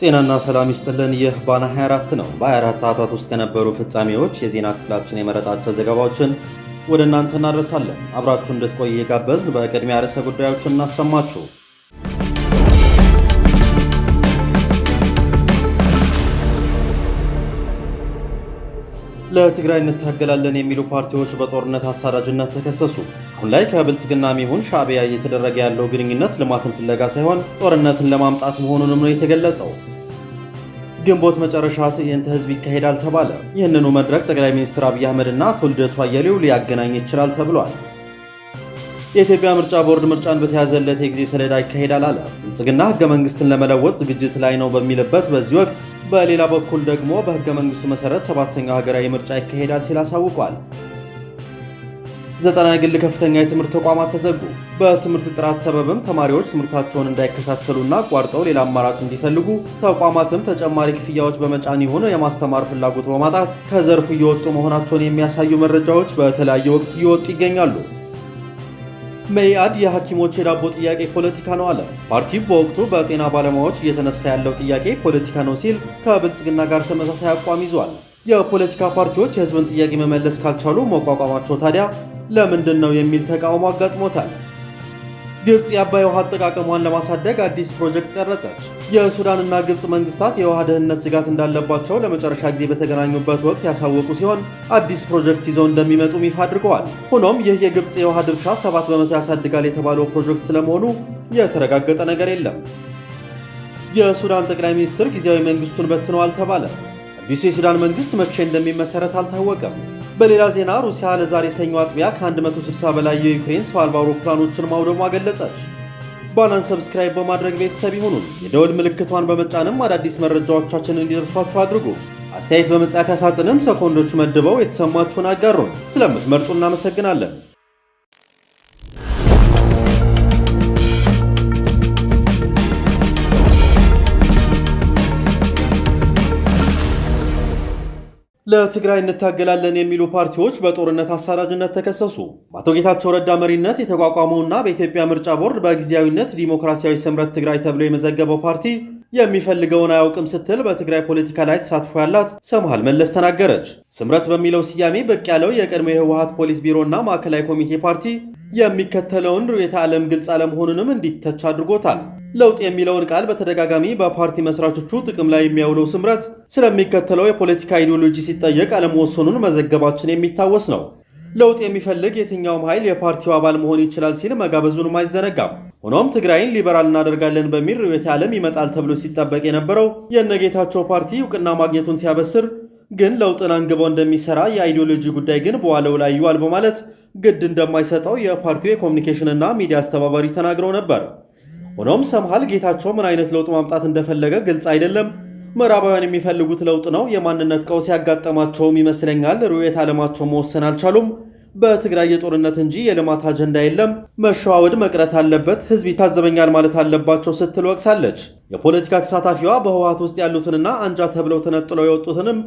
ጤናና ሰላም ይስጥልን። ይህ ባና 24 ነው። በ24 ሰዓታት ውስጥ ከነበሩ ፍጻሜዎች የዜና ክፍላችን የመረጣቸው ዘገባዎችን ወደ እናንተ እናደርሳለን። አብራችሁ እንድትቆይ የጋበዝን። በቅድሚያ ርዕሰ ጉዳዮችን እናሰማችሁ። ለትግራይ እንታገላለን የሚሉ ፓርቲዎች በጦርነት አሳዳጅነት ተከሰሱ። አሁን ላይ ከብልጽግናም ይሁን ሻዕቢያ እየተደረገ ያለው ግንኙነት ልማትን ፍለጋ ሳይሆን ጦርነትን ለማምጣት መሆኑንም ነው የተገለጸው። ግንቦት መጨረሻ ትዕይንተ ህዝብ ይካሄዳል ተባለ። ይህንኑ መድረክ ጠቅላይ ሚኒስትር አብይ አህመድ እና አቶ ልደቱ አያሌው ሊያገናኝ ይችላል ተብሏል። የኢትዮጵያ ምርጫ ቦርድ ምርጫን በተያዘለት የጊዜ ሰሌዳ ይካሄዳል አለ። ብልጽግና ህገ መንግስትን ለመለወጥ ዝግጅት ላይ ነው በሚልበት በዚህ ወቅት በሌላ በኩል ደግሞ በህገ መንግስቱ መሰረት ሰባተኛው ሀገራዊ ምርጫ ይካሄዳል ሲል አሳውቋል። ዘጠና የግል ከፍተኛ የትምህርት ተቋማት ተዘጉ። በትምህርት ጥራት ሰበብም ተማሪዎች ትምህርታቸውን እንዳይከታተሉና አቋርጠው ሌላ አማራጭ እንዲፈልጉ ተቋማትም ተጨማሪ ክፍያዎች በመጫን የሆነ የማስተማር ፍላጎት በማጣት ከዘርፉ እየወጡ መሆናቸውን የሚያሳዩ መረጃዎች በተለያየ ወቅት እየወጡ ይገኛሉ። መኢአድ የሐኪሞች የዳቦ ጥያቄ ፖለቲካ ነው አለ። ፓርቲው በወቅቱ በጤና ባለሙያዎች እየተነሳ ያለው ጥያቄ ፖለቲካ ነው ሲል ከብልጽግና ጋር ተመሳሳይ አቋም ይዟል። የፖለቲካ ፓርቲዎች የህዝብን ጥያቄ መመለስ ካልቻሉ መቋቋማቸው ታዲያ ለምንድን ነው የሚል ተቃውሞ አጋጥሞታል። ግብፅ የአባይ ውሃ አጠቃቀሟን ለማሳደግ አዲስ ፕሮጀክት ቀረጸች። የሱዳንና ግብፅ መንግስታት የውሃ ደህንነት ስጋት እንዳለባቸው ለመጨረሻ ጊዜ በተገናኙበት ወቅት ያሳወቁ ሲሆን አዲስ ፕሮጀክት ይዘው እንደሚመጡም ይፋ አድርገዋል። ሆኖም ይህ የግብፅ የውሃ ድርሻ ሰባት በመቶ ያሳድጋል የተባለው ፕሮጀክት ስለመሆኑ የተረጋገጠ ነገር የለም። የሱዳን ጠቅላይ ሚኒስትር ጊዜያዊ መንግስቱን በትነዋል ተባለ። አዲሱ የሱዳን መንግስት መቼ እንደሚመሰረት አልታወቀም። በሌላ ዜና ሩሲያ ለዛሬ ሰኞ አጥቢያ ከ160 በላይ የዩክሬን ሰው አልባ አውሮፕላኖችን ማውደሟ ገለጸች። ባናን ሰብስክራይብ በማድረግ ቤተሰብ ይሁኑን። የደወል ምልክቷን በመጫንም አዳዲስ መረጃዎቻችን እንዲደርሷችሁ አድርጉ። አስተያየት በመጻፊያ ሳጥንም ሰኮንዶች መድበው የተሰማችሁን አጋሩን። ስለምትመርጡ እናመሰግናለን። ለትግራይ እንታገላለን የሚሉ ፓርቲዎች በጦርነት አሳራጅነት ተከሰሱ። በአቶ ጌታቸው ረዳ መሪነት የተቋቋመውና በኢትዮጵያ ምርጫ ቦርድ በጊዜያዊነት ዲሞክራሲያዊ ስምረት ትግራይ ተብሎ የመዘገበው ፓርቲ የሚፈልገውን አያውቅም ስትል በትግራይ ፖለቲካ ላይ ተሳትፎ ያላት ሰምሃል መለስ ተናገረች። ስምረት በሚለው ስያሜ ብቅ ያለው የቀድሞ የህወሀት ፖሊት ቢሮና ማዕከላዊ ኮሚቴ ፓርቲ የሚከተለውን ርዕዮተ ዓለም ግልጽ አለመሆኑንም እንዲተች አድርጎታል። ለውጥ የሚለውን ቃል በተደጋጋሚ በፓርቲ መስራቾቹ ጥቅም ላይ የሚያውለው ስምረት ስለሚከተለው የፖለቲካ ኢዲዮሎጂ ሲጠየቅ አለመወሰኑን መዘገባችን የሚታወስ ነው። ለውጥ የሚፈልግ የትኛውም ኃይል የፓርቲው አባል መሆን ይችላል ሲል መጋበዙንም አይዘነጋም። ሆኖም ትግራይን ሊበራል እናደርጋለን በሚል ርዕዮተ ዓለም ይመጣል ተብሎ ሲጠበቅ የነበረው የነጌታቸው ፓርቲ እውቅና ማግኘቱን ሲያበስር ግን ለውጥን አንግበው እንደሚሰራ የአይዲዮሎጂ ጉዳይ ግን በዋለው ላይ ይዋል በማለት ግድ እንደማይሰጠው የፓርቲው የኮሚኒኬሽንና ሚዲያ አስተባባሪ ተናግረው ነበር። ሆኖም ሰምሃል ጌታቸው ምን አይነት ለውጥ ማምጣት እንደፈለገ ግልጽ አይደለም። ምዕራባውያን የሚፈልጉት ለውጥ ነው። የማንነት ቀውስ ያጋጠማቸውም ይመስለኛል። ርዕዮተ ዓለማቸው መወሰን አልቻሉም። በትግራይ የጦርነት እንጂ የልማት አጀንዳ የለም። መሸዋወድ መቅረት አለበት። ህዝብ ይታዘበኛል ማለት አለባቸው ስትል ወቅሳለች። የፖለቲካ ተሳታፊዋ በህወሀት ውስጥ ያሉትንና አንጃ ተብለው ተነጥለው የወጡትንም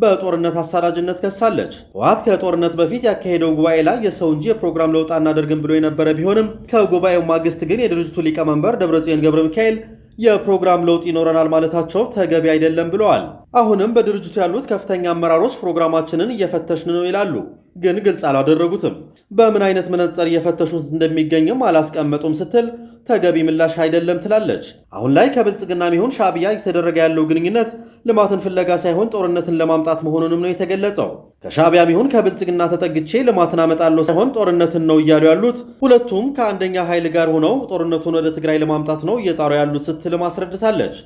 በጦርነት አሳራጅነት ከሳለች። ህወሀት ከጦርነት በፊት ያካሄደው ጉባኤ ላይ የሰው እንጂ የፕሮግራም ለውጥ አናደርግም ብሎ የነበረ ቢሆንም ከጉባኤው ማግስት ግን የድርጅቱ ሊቀመንበር ደብረጽዮን ገብረ ሚካኤል የፕሮግራም ለውጥ ይኖረናል ማለታቸው ተገቢ አይደለም ብለዋል። አሁንም በድርጅቱ ያሉት ከፍተኛ አመራሮች ፕሮግራማችንን እየፈተሽን ነው ይላሉ። ግን ግልጽ አላደረጉትም። በምን አይነት መነጽር እየፈተሹት እንደሚገኝም አላስቀመጡም ስትል ተገቢ ምላሽ አይደለም ትላለች። አሁን ላይ ከብልጽግናም ይሁን ሻዕቢያ እየተደረገ ያለው ግንኙነት ልማትን ፍለጋ ሳይሆን ጦርነትን ለማምጣት መሆኑንም ነው የተገለጸው። ከሻዕቢያም ይሁን ከብልጽግና ተጠግቼ ልማትን አመጣለሁ ሳይሆን ጦርነትን ነው እያሉ ያሉት፣ ሁለቱም ከአንደኛ ኃይል ጋር ሆነው ጦርነቱን ወደ ትግራይ ለማምጣት ነው እየጣሩ ያሉት ስትልም አስረድታለች።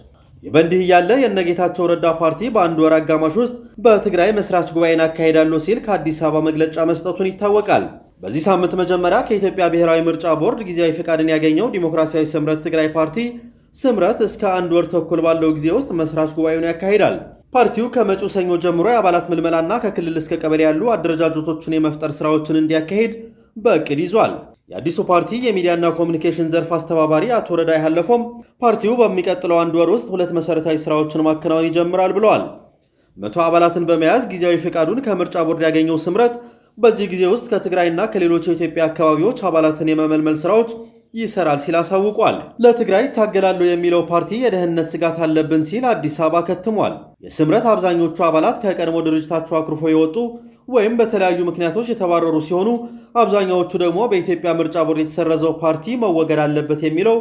ይህ በእንዲህ እያለ ረዳ ፓርቲ በአንድ ወር አጋማሽ ውስጥ በትግራይ መስራች ጉባኤን አካሄዳለሁ ሲል ከአዲስ አበባ መግለጫ መስጠቱን ይታወቃል። በዚህ ሳምንት መጀመሪያ ከኢትዮጵያ ብሔራዊ ምርጫ ቦርድ ጊዜያዊ ፍቃድን ያገኘው ዲሞክራሲያዊ ስምረት ትግራይ ፓርቲ ስምረት እስከ አንድ ወር ተኩል ባለው ጊዜ ውስጥ መስራች ጉባኤውን ያካሂዳል። ፓርቲው ከመጪው ሰኞ ጀምሮ የአባላት ምልመላና ከክልል እስከ ቀበሌ ያሉ አደረጃጀቶችን የመፍጠር ስራዎችን እንዲያካሄድ በእቅድ ይዟል። የአዲሱ ፓርቲ የሚዲያና ኮሚኒኬሽን ዘርፍ አስተባባሪ አቶ ረዳ ሃለፎም ፓርቲው በሚቀጥለው አንድ ወር ውስጥ ሁለት መሰረታዊ ስራዎችን ማከናወን ይጀምራል ብለዋል። መቶ አባላትን በመያዝ ጊዜያዊ ፍቃዱን ከምርጫ ቦርድ ያገኘው ስምረት በዚህ ጊዜ ውስጥ ከትግራይና ከሌሎች የኢትዮጵያ አካባቢዎች አባላትን የመመልመል ስራዎች ይሰራል ሲል አሳውቋል። ለትግራይ ይታገላለሁ የሚለው ፓርቲ የደህንነት ስጋት አለብን ሲል አዲስ አበባ ከትሟል። የስምረት አብዛኞቹ አባላት ከቀድሞ ድርጅታቸው አኩርፎ የወጡ ወይም በተለያዩ ምክንያቶች የተባረሩ ሲሆኑ አብዛኛዎቹ ደግሞ በኢትዮጵያ ምርጫ ቦርድ የተሰረዘው ፓርቲ መወገድ አለበት የሚለው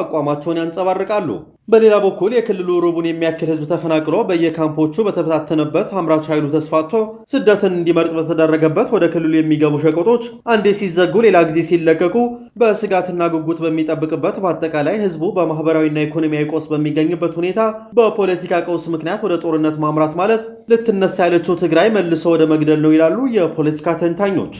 አቋማቸውን ያንጸባርቃሉ። በሌላ በኩል የክልሉ ሩቡን የሚያክል ህዝብ ተፈናቅሎ በየካምፖቹ በተበታተነበት አምራች ኃይሉ ተስፋቶ ስደትን እንዲመርጥ በተደረገበት ወደ ክልሉ የሚገቡ ሸቀጦች አንዴ ሲዘጉ ሌላ ጊዜ ሲለቀቁ በስጋትና ጉጉት በሚጠብቅበት በአጠቃላይ ህዝቡ በማህበራዊና ኢኮኖሚያዊ ቆስ በሚገኝበት ሁኔታ በፖለቲካ ቀውስ ምክንያት ወደ ጦርነት ማምራት ማለት ልትነሳ ያለችው ትግራይ መልሶ ወደ መግደል ነው ይላሉ የፖለቲካ ተንታኞች።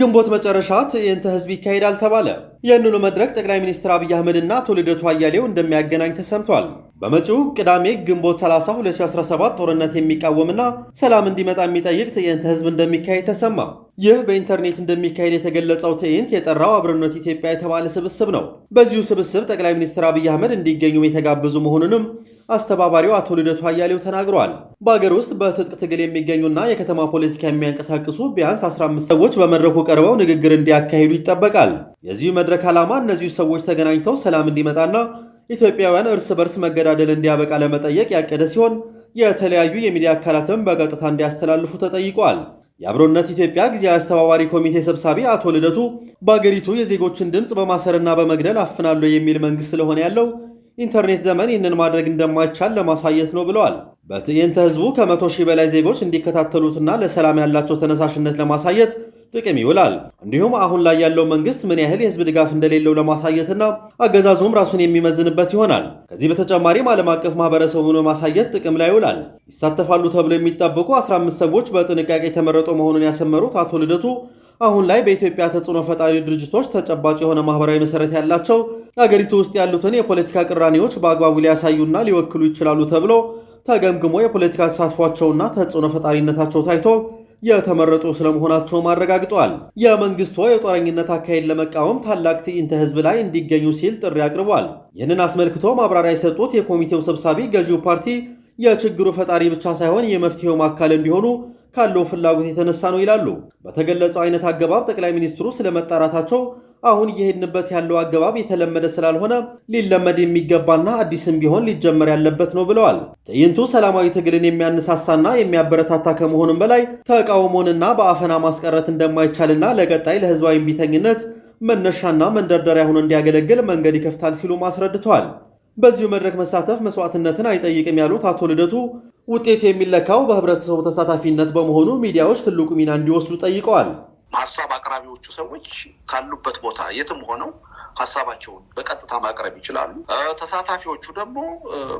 ግንቦት መጨረሻ ትዕይንተ ህዝብ ይካሄዳል ተባለ። ይህንኑ መድረክ ጠቅላይ ሚኒስትር አብይ አህመድና አቶ ልደቱ አያሌው እንደሚያገናኝ ተሰምቷል። በመጪው ቅዳሜ ግንቦት 30 2017 ጦርነት የሚቃወምና ሰላም እንዲመጣ የሚጠይቅ ትዕይንተ ህዝብ እንደሚካሄድ ተሰማ። ይህ በኢንተርኔት እንደሚካሄድ የተገለጸው ትዕይንት የጠራው አብርነት ኢትዮጵያ የተባለ ስብስብ ነው። በዚሁ ስብስብ ጠቅላይ ሚኒስትር አብይ አህመድ እንዲገኙም የተጋበዙ መሆኑንም አስተባባሪው አቶ ልደቱ አያሌው ተናግሯል። በአገር ውስጥ በትጥቅ ትግል የሚገኙና የከተማ ፖለቲካ የሚያንቀሳቅሱ ቢያንስ 15 ሰዎች በመድረኩ ቀርበው ንግግር እንዲያካሂዱ ይጠበቃል። የዚሁ መድረክ ዓላማ እነዚሁ ሰዎች ተገናኝተው ሰላም እንዲመጣና ኢትዮጵያውያን እርስ በርስ መገዳደል እንዲያበቃ ለመጠየቅ ያቀደ ሲሆን የተለያዩ የሚዲያ አካላትም በቀጥታ እንዲያስተላልፉ ተጠይቋል። የአብሮነት ኢትዮጵያ ጊዜያዊ አስተባባሪ ኮሚቴ ሰብሳቢ አቶ ልደቱ በአገሪቱ የዜጎችን ድምፅ በማሰርና በመግደል አፍናሉ የሚል መንግስት ስለሆነ ያለው ኢንተርኔት ዘመን ይህንን ማድረግ እንደማይቻል ለማሳየት ነው ብለዋል። በትዕይንተ ህዝቡ ከመቶ ሺህ በላይ ዜጎች እንዲከታተሉትና ለሰላም ያላቸው ተነሳሽነት ለማሳየት ጥቅም ይውላል። እንዲሁም አሁን ላይ ያለው መንግስት ምን ያህል የህዝብ ድጋፍ እንደሌለው ለማሳየትና አገዛዙም ራሱን የሚመዝንበት ይሆናል። ከዚህ በተጨማሪም ዓለም አቀፍ ማህበረሰቡን በማሳየት ጥቅም ላይ ይውላል። ይሳተፋሉ ተብሎ የሚጠበቁ 15 ሰዎች በጥንቃቄ የተመረጡ መሆኑን ያሰመሩት አቶ ልደቱ አሁን ላይ በኢትዮጵያ ተጽዕኖ ፈጣሪ ድርጅቶች ተጨባጭ የሆነ ማህበራዊ መሰረት ያላቸው አገሪቱ ውስጥ ያሉትን የፖለቲካ ቅራኔዎች በአግባቡ ሊያሳዩና ሊወክሉ ይችላሉ ተብሎ ተገምግሞ የፖለቲካ ተሳትፏቸውና ተጽዕኖ ፈጣሪነታቸው ታይቶ የተመረጡ ስለመሆናቸው አረጋግጧል። የመንግስቱ የጦረኝነት አካሄድ ለመቃወም ታላቅ ትዕይንተ ህዝብ ላይ እንዲገኙ ሲል ጥሪ አቅርቧል። ይህንን አስመልክቶ ማብራሪያ የሰጡት የኮሚቴው ሰብሳቢ ገዢው ፓርቲ የችግሩ ፈጣሪ ብቻ ሳይሆን የመፍትሄውም አካል እንዲሆኑ ካለው ፍላጎት የተነሳ ነው ይላሉ። በተገለጸው አይነት አገባብ ጠቅላይ ሚኒስትሩ ስለመጣራታቸው አሁን እየሄድንበት ያለው አገባብ የተለመደ ስላልሆነ ሊለመድ የሚገባና አዲስም ቢሆን ሊጀመር ያለበት ነው ብለዋል። ትዕይንቱ ሰላማዊ ትግልን የሚያነሳሳና የሚያበረታታ ከመሆኑም በላይ ተቃውሞንና በአፈና ማስቀረት እንደማይቻልና ለቀጣይ ለህዝባዊ እምቢተኝነት መነሻና መንደርደሪያ ሆኖ እንዲያገለግል መንገድ ይከፍታል ሲሉም አስረድተዋል። በዚሁ መድረክ መሳተፍ መስዋዕትነትን አይጠይቅም ያሉት አቶ ልደቱ ውጤቱ የሚለካው በህብረተሰቡ ተሳታፊነት በመሆኑ ሚዲያዎች ትልቁ ሚና እንዲወስዱ ጠይቀዋል። ሀሳብ አቅራቢዎቹ ሰዎች ካሉበት ቦታ የትም ሆነው ሀሳባቸውን በቀጥታ ማቅረብ ይችላሉ። ተሳታፊዎቹ ደግሞ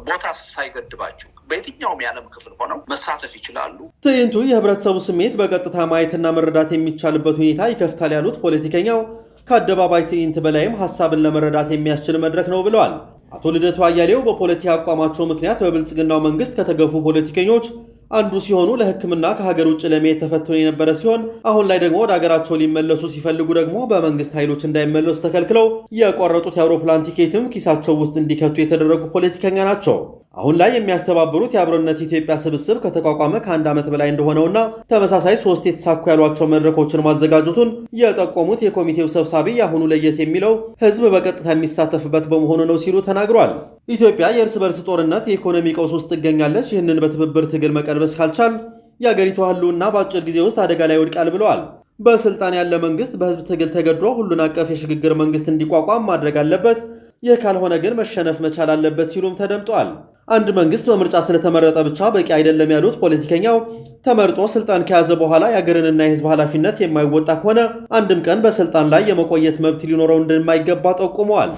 ቦታ ሳይገድባቸው በየትኛውም የዓለም ክፍል ሆነው መሳተፍ ይችላሉ። ትዕይንቱ የህብረተሰቡ ስሜት በቀጥታ ማየትና መረዳት የሚቻልበት ሁኔታ ይከፍታል ያሉት ፖለቲከኛው ከአደባባይ ትዕይንት በላይም ሀሳብን ለመረዳት የሚያስችል መድረክ ነው ብለዋል። አቶ ልደቱ አያሌው በፖለቲካ አቋማቸው ምክንያት በብልጽግናው መንግስት ከተገፉ ፖለቲከኞች አንዱ ሲሆኑ ለሕክምና ከሀገር ውጭ ለመሄድ ተፈትኖ የነበረ ሲሆን አሁን ላይ ደግሞ ወደ ሀገራቸው ሊመለሱ ሲፈልጉ ደግሞ በመንግስት ኃይሎች እንዳይመለሱ ተከልክለው የቆረጡት የአውሮፕላን ቲኬትም ኪሳቸው ውስጥ እንዲከቱ የተደረጉ ፖለቲከኛ ናቸው። አሁን ላይ የሚያስተባብሩት የአብሮነት ኢትዮጵያ ስብስብ ከተቋቋመ ከአንድ ዓመት በላይ እንደሆነውና ተመሳሳይ ሶስት የተሳኩ ያሏቸው መድረኮችን ማዘጋጀቱን የጠቆሙት የኮሚቴው ሰብሳቢ የአሁኑ ለየት የሚለው ሕዝብ በቀጥታ የሚሳተፍበት በመሆኑ ነው ሲሉ ተናግሯል። ኢትዮጵያ የእርስ በርስ ጦርነት፣ የኢኮኖሚ ቀውስ ውስጥ ትገኛለች። ይህንን በትብብር ትግል መቀልበስ ካልቻል የአገሪቷ ሕልውና በአጭር ጊዜ ውስጥ አደጋ ላይ ይወድቃል ብለዋል። በስልጣን ያለ መንግስት በህዝብ ትግል ተገድሮ ሁሉን አቀፍ የሽግግር መንግስት እንዲቋቋም ማድረግ አለበት። ይህ ካልሆነ ግን መሸነፍ መቻል አለበት ሲሉም ተደምጧል። አንድ መንግስት በምርጫ ስለተመረጠ ብቻ በቂ አይደለም ያሉት ፖለቲከኛው ተመርጦ ስልጣን ከያዘ በኋላ የአገርንና የህዝብ ኃላፊነት የማይወጣ ከሆነ አንድም ቀን በስልጣን ላይ የመቆየት መብት ሊኖረው እንደማይገባ ጠቁመዋል።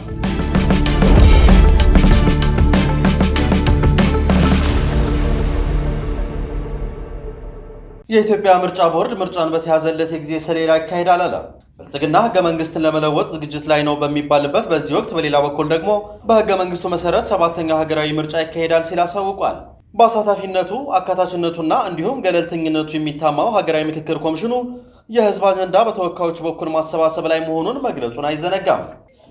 የኢትዮጵያ ምርጫ ቦርድ ምርጫን በተያዘለት የጊዜ ሰሌዳ ይካሄዳል አለ። ብልጽግና ህገ መንግስትን ለመለወጥ ዝግጅት ላይ ነው በሚባልበት በዚህ ወቅት በሌላ በኩል ደግሞ በህገ መንግስቱ መሰረት ሰባተኛ ሀገራዊ ምርጫ ይካሄዳል ሲል አሳውቋል። በአሳታፊነቱ አካታችነቱና እንዲሁም ገለልተኝነቱ የሚታማው ሀገራዊ ምክክር ኮሚሽኑ የህዝብ አጀንዳ በተወካዮች በኩል ማሰባሰብ ላይ መሆኑን መግለጹን አይዘነጋም።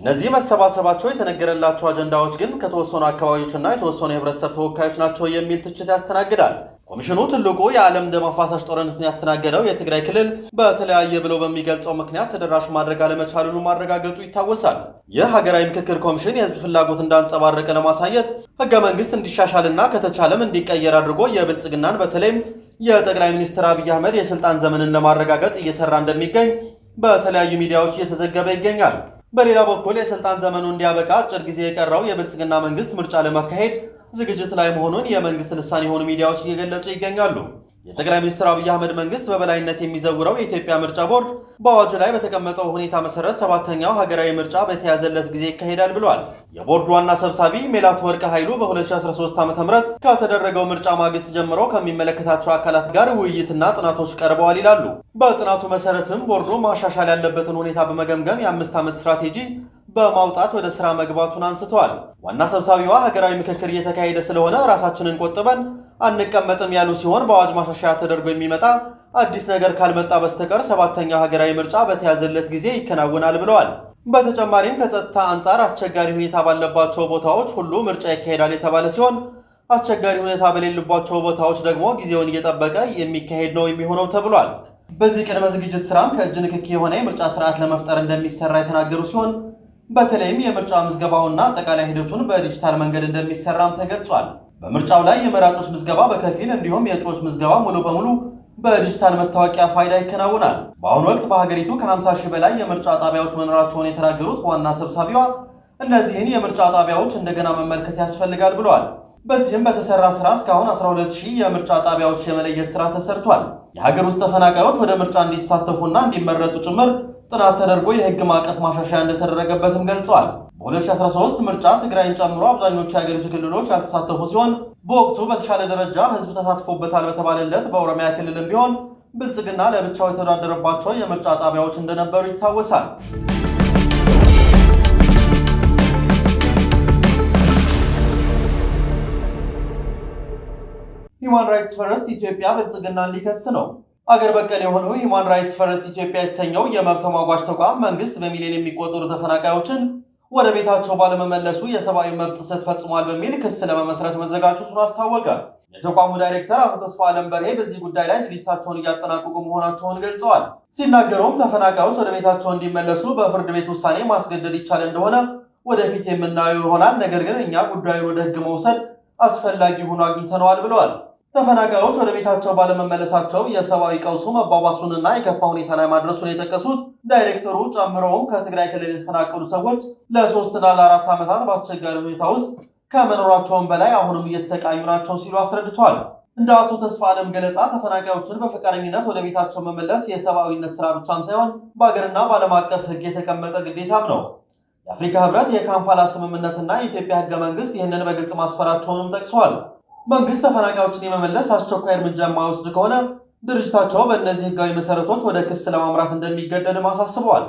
እነዚህ መሰባሰባቸው የተነገረላቸው አጀንዳዎች ግን ከተወሰኑ አካባቢዎችና የተወሰኑ የህብረተሰብ ተወካዮች ናቸው የሚል ትችት ያስተናግዳል። ኮሚሽኑ ትልቁ የዓለም ደም አፋሳሽ ጦርነትን ያስተናገደው የትግራይ ክልል በተለያየ ብለው በሚገልጸው ምክንያት ተደራሽ ማድረግ አለመቻሉን ማረጋገጡ ይታወሳል። ይህ ሀገራዊ ምክክር ኮሚሽን የህዝብ ፍላጎት እንዳንጸባረቀ ለማሳየት ህገ መንግስት እንዲሻሻልና ከተቻለም እንዲቀየር አድርጎ የብልጽግናን በተለይም የጠቅላይ ሚኒስትር አብይ አህመድ የስልጣን ዘመንን ለማረጋገጥ እየሰራ እንደሚገኝ በተለያዩ ሚዲያዎች እየተዘገበ ይገኛል። በሌላ በኩል የስልጣን ዘመኑ እንዲያበቃ አጭር ጊዜ የቀረው የብልጽግና መንግስት ምርጫ ለማካሄድ ዝግጅት ላይ መሆኑን የመንግስት ልሳን የሆኑ ሚዲያዎች እየገለጹ ይገኛሉ። የጠቅላይ ሚኒስትር አብይ አህመድ መንግስት በበላይነት የሚዘውረው የኢትዮጵያ ምርጫ ቦርድ በአዋጁ ላይ በተቀመጠው ሁኔታ መሰረት ሰባተኛው ሀገራዊ ምርጫ በተያዘለት ጊዜ ይካሄዳል ብሏል። የቦርዱ ዋና ሰብሳቢ ሜላት ወርቅ ኃይሉ በ2013 ዓ ም ከተደረገው ምርጫ ማግስት ጀምሮ ከሚመለከታቸው አካላት ጋር ውይይትና ጥናቶች ቀርበዋል ይላሉ። በጥናቱ መሰረትም ቦርዱ ማሻሻል ያለበትን ሁኔታ በመገምገም የአምስት ዓመት ስትራቴጂ በማውጣት ወደ ስራ መግባቱን አንስተዋል። ዋና ሰብሳቢዋ ሀገራዊ ምክክር እየተካሄደ ስለሆነ ራሳችንን ቆጥበን አንቀመጥም ያሉ ሲሆን በአዋጅ ማሻሻያ ተደርጎ የሚመጣ አዲስ ነገር ካልመጣ በስተቀር ሰባተኛው ሀገራዊ ምርጫ በተያዘለት ጊዜ ይከናወናል ብለዋል። በተጨማሪም ከጸጥታ አንጻር አስቸጋሪ ሁኔታ ባለባቸው ቦታዎች ሁሉ ምርጫ ይካሄዳል የተባለ ሲሆን አስቸጋሪ ሁኔታ በሌሉባቸው ቦታዎች ደግሞ ጊዜውን እየጠበቀ የሚካሄድ ነው የሚሆነው ተብሏል። በዚህ ቅድመ ዝግጅት ስራም ከእጅ ንክኪ የሆነ የምርጫ ስርዓት ለመፍጠር እንደሚሰራ የተናገሩ ሲሆን በተለይም የምርጫ ምዝገባውና አጠቃላይ ሂደቱን በዲጂታል መንገድ እንደሚሰራም ተገልጿል። በምርጫው ላይ የመራጮች ምዝገባ በከፊል እንዲሁም የእጩዎች ምዝገባ ሙሉ በሙሉ በዲጂታል መታወቂያ ፋይዳ ይከናውናል። በአሁኑ ወቅት በሀገሪቱ ከ50 ሺህ በላይ የምርጫ ጣቢያዎች መኖራቸውን የተናገሩት ዋና ሰብሳቢዋ እነዚህን የምርጫ ጣቢያዎች እንደገና መመልከት ያስፈልጋል ብለዋል። በዚህም በተሰራ ስራ እስካሁን 12 ሺህ የምርጫ ጣቢያዎች የመለየት ስራ ተሰርቷል። የሀገር ውስጥ ተፈናቃዮች ወደ ምርጫ እንዲሳተፉና እንዲመረጡ ጭምር ጥናት ተደርጎ የህግ ማዕቀፍ ማሻሻያ እንደተደረገበትም ገልጸዋል። በ2013 ምርጫ ትግራይን ጨምሮ አብዛኞቹ የሀገሪቱ ክልሎች ያልተሳተፉ ሲሆን በወቅቱ በተሻለ ደረጃ ህዝብ ተሳትፎበታል በተባለለት በኦሮሚያ ክልልም ቢሆን ብልጽግና ለብቻው የተወዳደረባቸው የምርጫ ጣቢያዎች እንደነበሩ ይታወሳል። ሂውማን ራይትስ ፈርስት ኢትዮጵያ ብልጽግናን ሊከስ ነው። አገር በቀል የሆነው ሂማን ራይትስ ፈርስት ኢትዮጵያ የተሰኘው የመብት ተሟጓች ተቋም መንግስት በሚሊዮን የሚቆጠሩ ተፈናቃዮችን ወደ ቤታቸው ባለመመለሱ የሰብአዊ መብት ጥሰት ፈጽሟል በሚል ክስ ለመመስረት መዘጋጀቱን አስታወቀ። የተቋሙ ዳይሬክተር አቶ ተስፋ አለም በርሄ በዚህ ጉዳይ ላይ ዝግጅታቸውን እያጠናቀቁ መሆናቸውን ገልጸዋል። ሲናገሩም ተፈናቃዮች ወደ ቤታቸው እንዲመለሱ በፍርድ ቤት ውሳኔ ማስገደድ ይቻል እንደሆነ ወደፊት የምናየው ይሆናል። ነገር ግን እኛ ጉዳዩን ወደ ህግ መውሰድ አስፈላጊ ሆኖ አግኝተነዋል ብለዋል። ተፈናቃዮች ወደ ቤታቸው ባለመመለሳቸው የሰብአዊ ቀውሱ መባባሱንና የከፋ ሁኔታ ላይ ማድረሱን የጠቀሱት ዳይሬክተሩ ጨምረውም ከትግራይ ክልል የተፈናቀሉ ሰዎች ለሶስትና ለአራት ዓመታት በአስቸጋሪ ሁኔታ ውስጥ ከመኖራቸውን በላይ አሁንም እየተሰቃዩ ናቸው ሲሉ አስረድቷል። እንደ አቶ ተስፋ ዓለም ገለጻ ተፈናቃዮችን በፈቃደኝነት ወደ ቤታቸው መመለስ የሰብአዊነት ስራ ብቻም ሳይሆን በአገርና በዓለም አቀፍ ሕግ የተቀመጠ ግዴታም ነው። የአፍሪካ ህብረት፣ የካምፓላ ስምምነትና የኢትዮጵያ ህገ መንግስት ይህንን በግልጽ ማስፈራቸውንም ጠቅሷል። መንግስት ተፈናቃዮችን የመመለስ አስቸኳይ እርምጃ የማይወስድ ከሆነ ድርጅታቸው በእነዚህ ህጋዊ መሰረቶች ወደ ክስ ለማምራት እንደሚገደድም አሳስበዋል።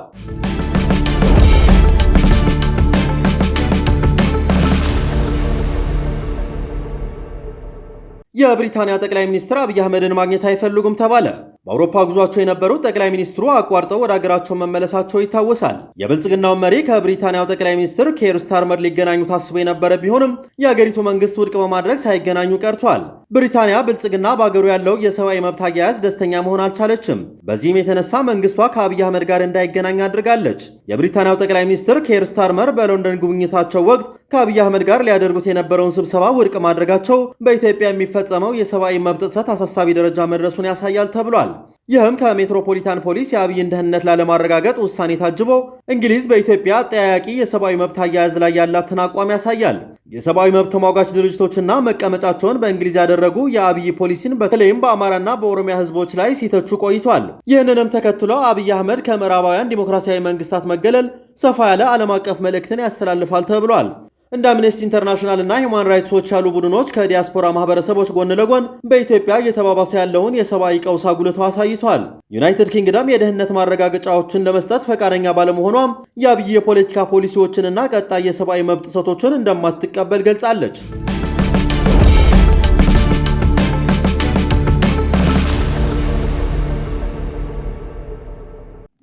የብሪታንያ ጠቅላይ ሚኒስትር አብይ አህመድን ማግኘት አይፈልጉም ተባለ። በአውሮፓ ጉዟቸው የነበሩት ጠቅላይ ሚኒስትሩ አቋርጠው ወደ አገራቸው መመለሳቸው ይታወሳል። የብልጽግናውን መሪ ከብሪታንያው ጠቅላይ ሚኒስትር ኬር ስታርመር ሊገናኙ ታስቦ የነበረ ቢሆንም የአገሪቱ መንግስት ውድቅ በማድረግ ሳይገናኙ ቀርቷል። ብሪታንያ ብልጽግና በአገሩ ያለው የሰብአዊ መብት አያያዝ ደስተኛ መሆን አልቻለችም። በዚህም የተነሳ መንግስቷ ከአብይ አህመድ ጋር እንዳይገናኝ አድርጋለች። የብሪታንያው ጠቅላይ ሚኒስትር ኬር ስታርመር በሎንደን ጉብኝታቸው ወቅት ከአብይ አህመድ ጋር ሊያደርጉት የነበረውን ስብሰባ ውድቅ ማድረጋቸው በኢትዮጵያ የሚፈጸመው የሰብአዊ መብት ጥሰት አሳሳቢ ደረጃ መድረሱን ያሳያል ተብሏል። ይህም ከሜትሮፖሊታን ፖሊስ የአብይን ደህንነት ላለማረጋገጥ ውሳኔ ታጅቦ እንግሊዝ በኢትዮጵያ አጠያያቂ የሰብአዊ መብት አያያዝ ላይ ያላትን አቋም ያሳያል። የሰብአዊ መብት ተሟጋች ድርጅቶችና መቀመጫቸውን በእንግሊዝ ያደረጉ የአብይ ፖሊሲን በተለይም በአማራና በኦሮሚያ ህዝቦች ላይ ሲተቹ ቆይቷል። ይህንንም ተከትሎ አብይ አህመድ ከምዕራባውያን ዲሞክራሲያዊ መንግስታት መገለል ሰፋ ያለ ዓለም አቀፍ መልእክትን ያስተላልፋል ተብሏል። እንደ አምነስቲ ኢንተርናሽናል እና ሂውማን ራይትስ ዎች ያሉ ቡድኖች ከዲያስፖራ ማህበረሰቦች ጎን ለጎን በኢትዮጵያ እየተባባሰ ያለውን የሰብአዊ ቀውስ አጉልቶ አሳይቷል። ዩናይትድ ኪንግደም የደህንነት ማረጋገጫዎችን ለመስጠት ፈቃደኛ ባለመሆኗም የአብይ የፖለቲካ ፖሊሲዎችንና ቀጣይ የሰብአዊ መብት ጥሰቶችን እንደማትቀበል ገልጻለች።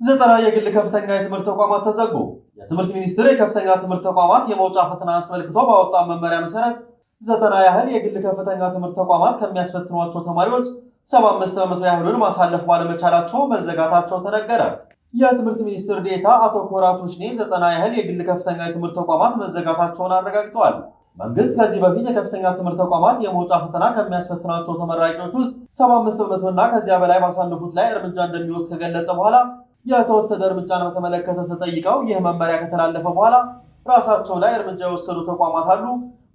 ዘጠና የግል ከፍተኛ የትምህርት ተቋማት ተዘጉ። የትምህርት ሚኒስቴር የከፍተኛ ትምህርት ተቋማት የመውጫ ፈተና አስመልክቶ ባወጣ መመሪያ መሰረት ዘጠና ያህል የግል ከፍተኛ ትምህርት ተቋማት ከሚያስፈትኗቸው ተማሪዎች ሰባ በመቶ ያህሉን ማሳለፍ ባለመቻላቸው መዘጋታቸው ተነገረ። የትምህርት ሚኒስትር ዴታ አቶ ኮራቱሽኔ ዘጠና ያህል የግል ከፍተኛ የትምህርት ተቋማት መዘጋታቸውን አረጋግጠዋል። መንግስት ከዚህ በፊት የከፍተኛ ትምህርት ተቋማት የመውጫ ፈተና ከሚያስፈትናቸው ተመራቂዎች ውስጥ ሰባ በመቶ በመቶና ከዚያ በላይ ባሳለፉት ላይ እርምጃ እንደሚወስድ ከገለጸ በኋላ የተወሰደ እርምጃን በተመለከተ ተጠይቀው ይህ መመሪያ ከተላለፈ በኋላ ራሳቸው ላይ እርምጃ የወሰዱ ተቋማት አሉ።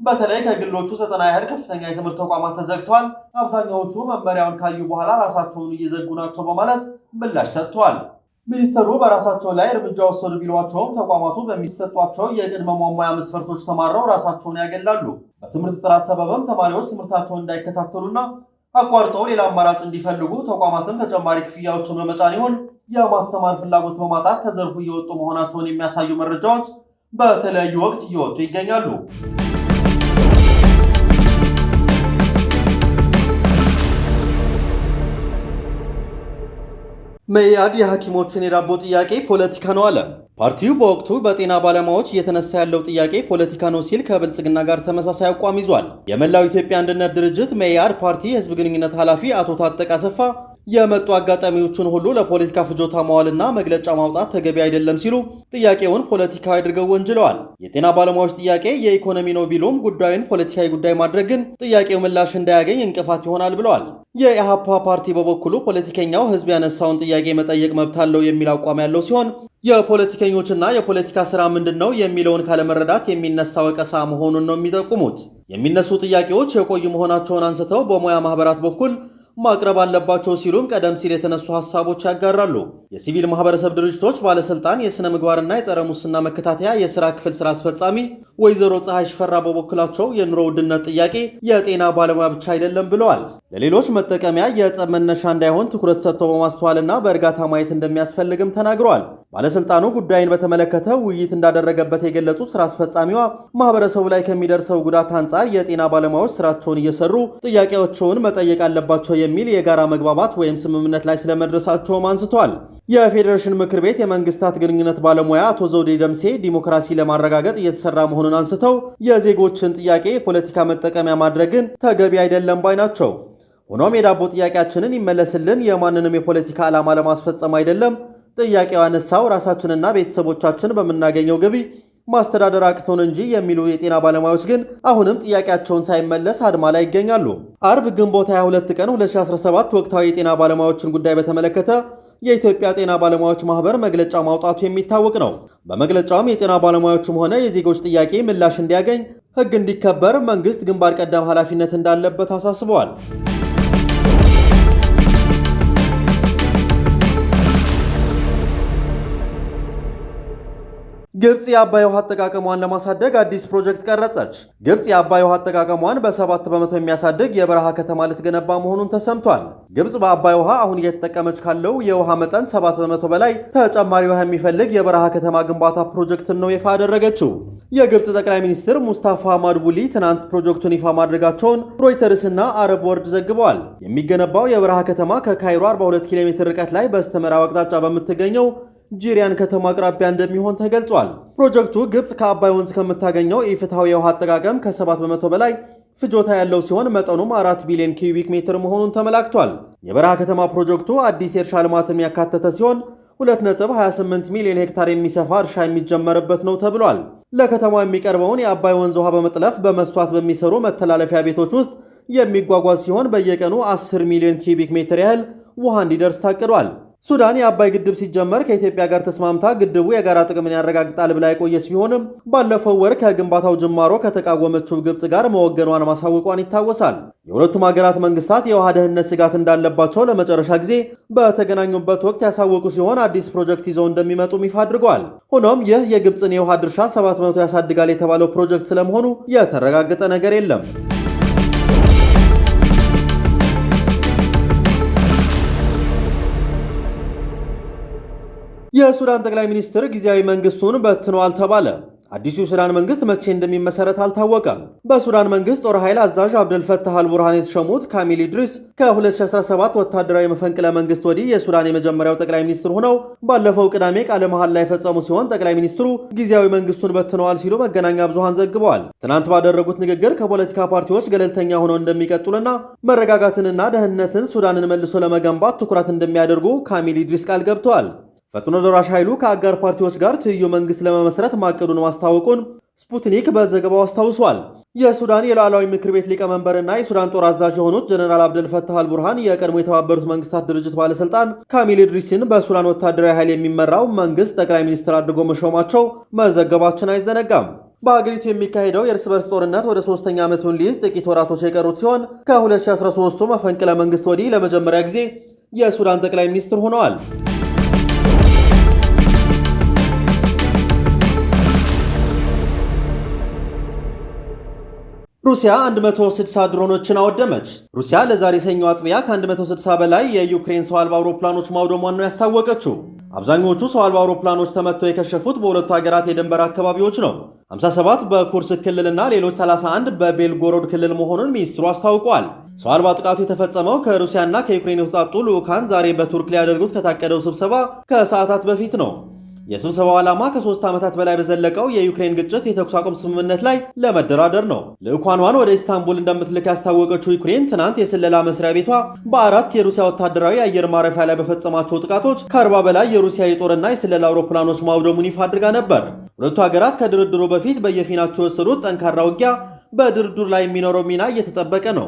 በተለይ ከግሎቹ ዘጠና ያህል ከፍተኛ የትምህርት ተቋማት ተዘግተዋል። አብዛኛዎቹ መመሪያውን ካዩ በኋላ ራሳቸውን እየዘጉ ናቸው በማለት ምላሽ ሰጥቷል። ሚኒስተሩ በራሳቸው ላይ እርምጃ ወሰዱ ቢሏቸውም ተቋማቱ በሚሰጧቸው የቅድመ ሟሟያ መስፈርቶች ተማረው ራሳቸውን ያገላሉ። በትምህርት ጥራት ሰበብም ተማሪዎች ትምህርታቸውን እንዳይከታተሉና አቋርጠው ሌላ አማራጭ እንዲፈልጉ ተቋማትም ተጨማሪ ክፍያዎችን በመጫን ይሆን የማስተማር ፍላጎት በማጣት ከዘርፉ እየወጡ መሆናቸውን የሚያሳዩ መረጃዎች በተለያዩ ወቅት እየወጡ ይገኛሉ። መኢአድ የሐኪሞችን የዳቦ ጥያቄ ፖለቲካ ነው አለ። ፓርቲው በወቅቱ በጤና ባለሙያዎች እየተነሳ ያለው ጥያቄ ፖለቲካ ነው ሲል ከብልጽግና ጋር ተመሳሳይ አቋም ይዟል። የመላው ኢትዮጵያ አንድነት ድርጅት መኢአድ ፓርቲ የህዝብ ግንኙነት ኃላፊ አቶ ታጠቅ አሰፋ የመጡ አጋጣሚዎችን ሁሉ ለፖለቲካ ፍጆታ ማዋልና መግለጫ ማውጣት ተገቢ አይደለም ሲሉ ጥያቄውን ፖለቲካዊ አድርገው ወንጅለዋል። የጤና ባለሙያዎች ጥያቄ የኢኮኖሚ ነው ቢሉም ጉዳዩን ፖለቲካዊ ጉዳይ ማድረግ ግን ጥያቄው ምላሽ እንዳያገኝ እንቅፋት ይሆናል ብለዋል። የኢሃፓ ፓርቲ በበኩሉ ፖለቲከኛው ህዝብ ያነሳውን ጥያቄ መጠየቅ መብት አለው የሚል አቋም ያለው ሲሆን የፖለቲከኞችና የፖለቲካ ስራ ምንድን ነው የሚለውን ካለመረዳት የሚነሳ ወቀሳ መሆኑን ነው የሚጠቁሙት። የሚነሱ ጥያቄዎች የቆዩ መሆናቸውን አንስተው በሙያ ማህበራት በኩል ማቅረብ አለባቸው ሲሉም ቀደም ሲል የተነሱ ሀሳቦች ያጋራሉ። የሲቪል ማህበረሰብ ድርጅቶች ባለስልጣን የሥነ ምግባርና የጸረ ሙስና መከታተያ የሥራ ክፍል ሥራ አስፈጻሚ ወይዘሮ ፀሐይ ሽፈራ በበኩላቸው የኑሮ ውድነት ጥያቄ የጤና ባለሙያ ብቻ አይደለም ብለዋል። ለሌሎች መጠቀሚያ የጸብ መነሻ እንዳይሆን ትኩረት ሰጥቶ በማስተዋልና በእርጋታ ማየት እንደሚያስፈልግም ተናግረዋል። ባለስልጣኑ ጉዳይን በተመለከተ ውይይት እንዳደረገበት የገለጹት ስራ አስፈጻሚዋ ማህበረሰቡ ላይ ከሚደርሰው ጉዳት አንጻር የጤና ባለሙያዎች ስራቸውን እየሰሩ ጥያቄዎቸውን መጠየቅ አለባቸው የሚል የጋራ መግባባት ወይም ስምምነት ላይ ስለመድረሳቸውም አንስቷል። የፌዴሬሽን ምክር ቤት የመንግስታት ግንኙነት ባለሙያ አቶ ዘውዴ ደምሴ ዲሞክራሲ ለማረጋገጥ እየተሰራ መሆኑን አንስተው የዜጎችን ጥያቄ የፖለቲካ መጠቀሚያ ማድረግን ተገቢ አይደለም ባይ ናቸው። ሆኖም የዳቦ ጥያቄያችንን ይመለስልን፣ የማንንም የፖለቲካ ዓላማ ለማስፈጸም አይደለም ጥያቄው ያነሳው ራሳችንና ቤተሰቦቻችን በምናገኘው ገቢ ማስተዳደር አቅቶን እንጂ የሚሉ የጤና ባለሙያዎች ግን አሁንም ጥያቄያቸውን ሳይመለስ አድማ ላይ ይገኛሉ። አርብ ግንቦት 22 ቀን 2017 ወቅታዊ የጤና ባለሙያዎችን ጉዳይ በተመለከተ የኢትዮጵያ ጤና ባለሙያዎች ማህበር መግለጫ ማውጣቱ የሚታወቅ ነው። በመግለጫውም የጤና ባለሙያዎችም ሆነ የዜጎች ጥያቄ ምላሽ እንዲያገኝ ሕግ እንዲከበር መንግስት ግንባር ቀደም ኃላፊነት እንዳለበት አሳስበዋል። ግብፅ የአባይ ውሃ አጠቃቀሟን ለማሳደግ አዲስ ፕሮጀክት ቀረጸች። ግብፅ የአባይ ውሃ አጠቃቀሟን በሰባት በመቶ የሚያሳድግ የበረሃ ከተማ ልትገነባ መሆኑን ተሰምቷል። ግብፅ በአባይ ውሃ አሁን እየተጠቀመች ካለው የውሃ መጠን ሰባት በመቶ በላይ ተጨማሪ ውሃ የሚፈልግ የበረሃ ከተማ ግንባታ ፕሮጀክትን ነው ይፋ ያደረገችው። የግብፅ ጠቅላይ ሚኒስትር ሙስታፋ ማድቡሊ ትናንት ፕሮጀክቱን ይፋ ማድረጋቸውን ሮይተርስ እና አረብ ወርድ ዘግበዋል። የሚገነባው የበረሃ ከተማ ከካይሮ 42 ኪሎ ሜትር ርቀት ላይ በስተምዕራብ አቅጣጫ በምትገኘው ጂሪያን ከተማ አቅራቢያ እንደሚሆን ተገልጿል። ፕሮጀክቱ ግብፅ ከአባይ ወንዝ ከምታገኘው የፍትሐዊ የውሃ አጠቃቀም ከ7 በመቶ በላይ ፍጆታ ያለው ሲሆን መጠኑም 4 ቢሊዮን ኪዩቢክ ሜትር መሆኑን ተመላክቷል። የበረሃ ከተማ ፕሮጀክቱ አዲስ የእርሻ ልማትም ያካተተ ሲሆን 2.28 ሚሊዮን ሄክታር የሚሰፋ እርሻ የሚጀመርበት ነው ተብሏል። ለከተማው የሚቀርበውን የአባይ ወንዝ ውሃ በመጥለፍ በመስቷት በሚሰሩ መተላለፊያ ቤቶች ውስጥ የሚጓጓዝ ሲሆን በየቀኑ 10 ሚሊዮን ኪዩቢክ ሜትር ያህል ውሃ እንዲደርስ ታቅዷል። ሱዳን የአባይ ግድብ ሲጀመር ከኢትዮጵያ ጋር ተስማምታ ግድቡ የጋራ ጥቅምን ያረጋግጣል ብላ የቆየች ቢሆንም ባለፈው ወር ከግንባታው ጅማሮ ከተቃወመችው ግብፅ ጋር መወገኗን ማሳወቋን ይታወሳል። የሁለቱም ሀገራት መንግስታት የውሃ ደህንነት ስጋት እንዳለባቸው ለመጨረሻ ጊዜ በተገናኙበት ወቅት ያሳወቁ ሲሆን አዲስ ፕሮጀክት ይዘው እንደሚመጡም ይፋ አድርገዋል። ሆኖም ይህ የግብፅን የውሃ ድርሻ 700 ያሳድጋል የተባለው ፕሮጀክት ስለመሆኑ የተረጋገጠ ነገር የለም። የሱዳን ጠቅላይ ሚኒስትር ጊዜያዊ መንግስቱን በትነዋል ተባለ። አዲሱ የሱዳን መንግስት መቼ እንደሚመሰረት አልታወቀም። በሱዳን መንግስት ጦር ኃይል አዛዥ አብደልፈታህ አልቡርሃን የተሸሙት ካሚል ኢድሪስ ከ2017 ወታደራዊ መፈንቅለ መንግስት ወዲህ የሱዳን የመጀመሪያው ጠቅላይ ሚኒስትር ሆነው ባለፈው ቅዳሜ ቃለ መሐላ ላይ የፈጸሙ ሲሆን ጠቅላይ ሚኒስትሩ ጊዜያዊ መንግስቱን በትነዋል ሲሉ መገናኛ ብዙሃን ዘግበዋል። ትናንት ባደረጉት ንግግር ከፖለቲካ ፓርቲዎች ገለልተኛ ሆነው እንደሚቀጥሉና መረጋጋትንና ደህንነትን ሱዳንን መልሶ ለመገንባት ትኩረት እንደሚያደርጉ ካሚል ኢድሪስ ቃል ገብተዋል። ፈጥኖ ደራሽ ኃይሉ ከአጋር ፓርቲዎች ጋር ትይዩ መንግስት ለመመስረት ማቀዱን ማስታወቁን ስፑትኒክ በዘገባው አስታውሷል። የሱዳን የሉዓላዊ ምክር ቤት ሊቀመንበርና የሱዳን ጦር አዛዥ የሆኑት ጀነራል አብደልፈታህ አልቡርሃን የቀድሞ የተባበሩት መንግስታት ድርጅት ባለስልጣን ካሚል ኢድሪሲን በሱዳን ወታደራዊ ኃይል የሚመራው መንግስት ጠቅላይ ሚኒስትር አድርጎ መሾማቸው መዘገባችን አይዘነጋም። በአገሪቱ የሚካሄደው የእርስ በርስ ጦርነት ወደ ሶስተኛ ዓመቱን ሊይዝ ጥቂት ወራቶች የቀሩት ሲሆን ከ2013 መፈንቅለ መንግስት ወዲህ ለመጀመሪያ ጊዜ የሱዳን ጠቅላይ ሚኒስትር ሆነዋል። ሩሲያ 160 ድሮኖችን አወደመች። ሩሲያ ለዛሬ ሰኞ አጥቢያ ከ160 በላይ የዩክሬን ሰው አልባ አውሮፕላኖች ማውደሟን ነው ያስታወቀችው። አብዛኞቹ ሰው አልባ አውሮፕላኖች ተመትተው የከሸፉት በሁለቱ ሀገራት የድንበር አካባቢዎች ነው። 57 በኩርስክ ክልልና ሌሎች 31 በቤልጎሮድ ክልል መሆኑን ሚኒስትሩ አስታውቋል። ሰው አልባ ጥቃቱ የተፈጸመው ከሩሲያና ከዩክሬን የተውጣጡ ልዑካን ዛሬ በቱርክ ሊያደርጉት ከታቀደው ስብሰባ ከሰዓታት በፊት ነው። የስብሰባው ዓላማ ከሶስት ዓመታት በላይ በዘለቀው የዩክሬን ግጭት የተኩስ አቁም ስምምነት ላይ ለመደራደር ነው። ልዑካኗን ወደ ኢስታንቡል እንደምትልክ ያስታወቀችው ዩክሬን ትናንት የስለላ መስሪያ ቤቷ በአራት የሩሲያ ወታደራዊ አየር ማረፊያ ላይ በፈጸማቸው ጥቃቶች ከአርባ በላይ የሩሲያ የጦርና የስለላ አውሮፕላኖች ማውደሙን ይፋ አድርጋ ነበር። ሁለቱ ሀገራት ከድርድሩ በፊት በየፊናቸው የወሰዱት ጠንካራ ውጊያ በድርድሩ ላይ የሚኖረው ሚና እየተጠበቀ ነው።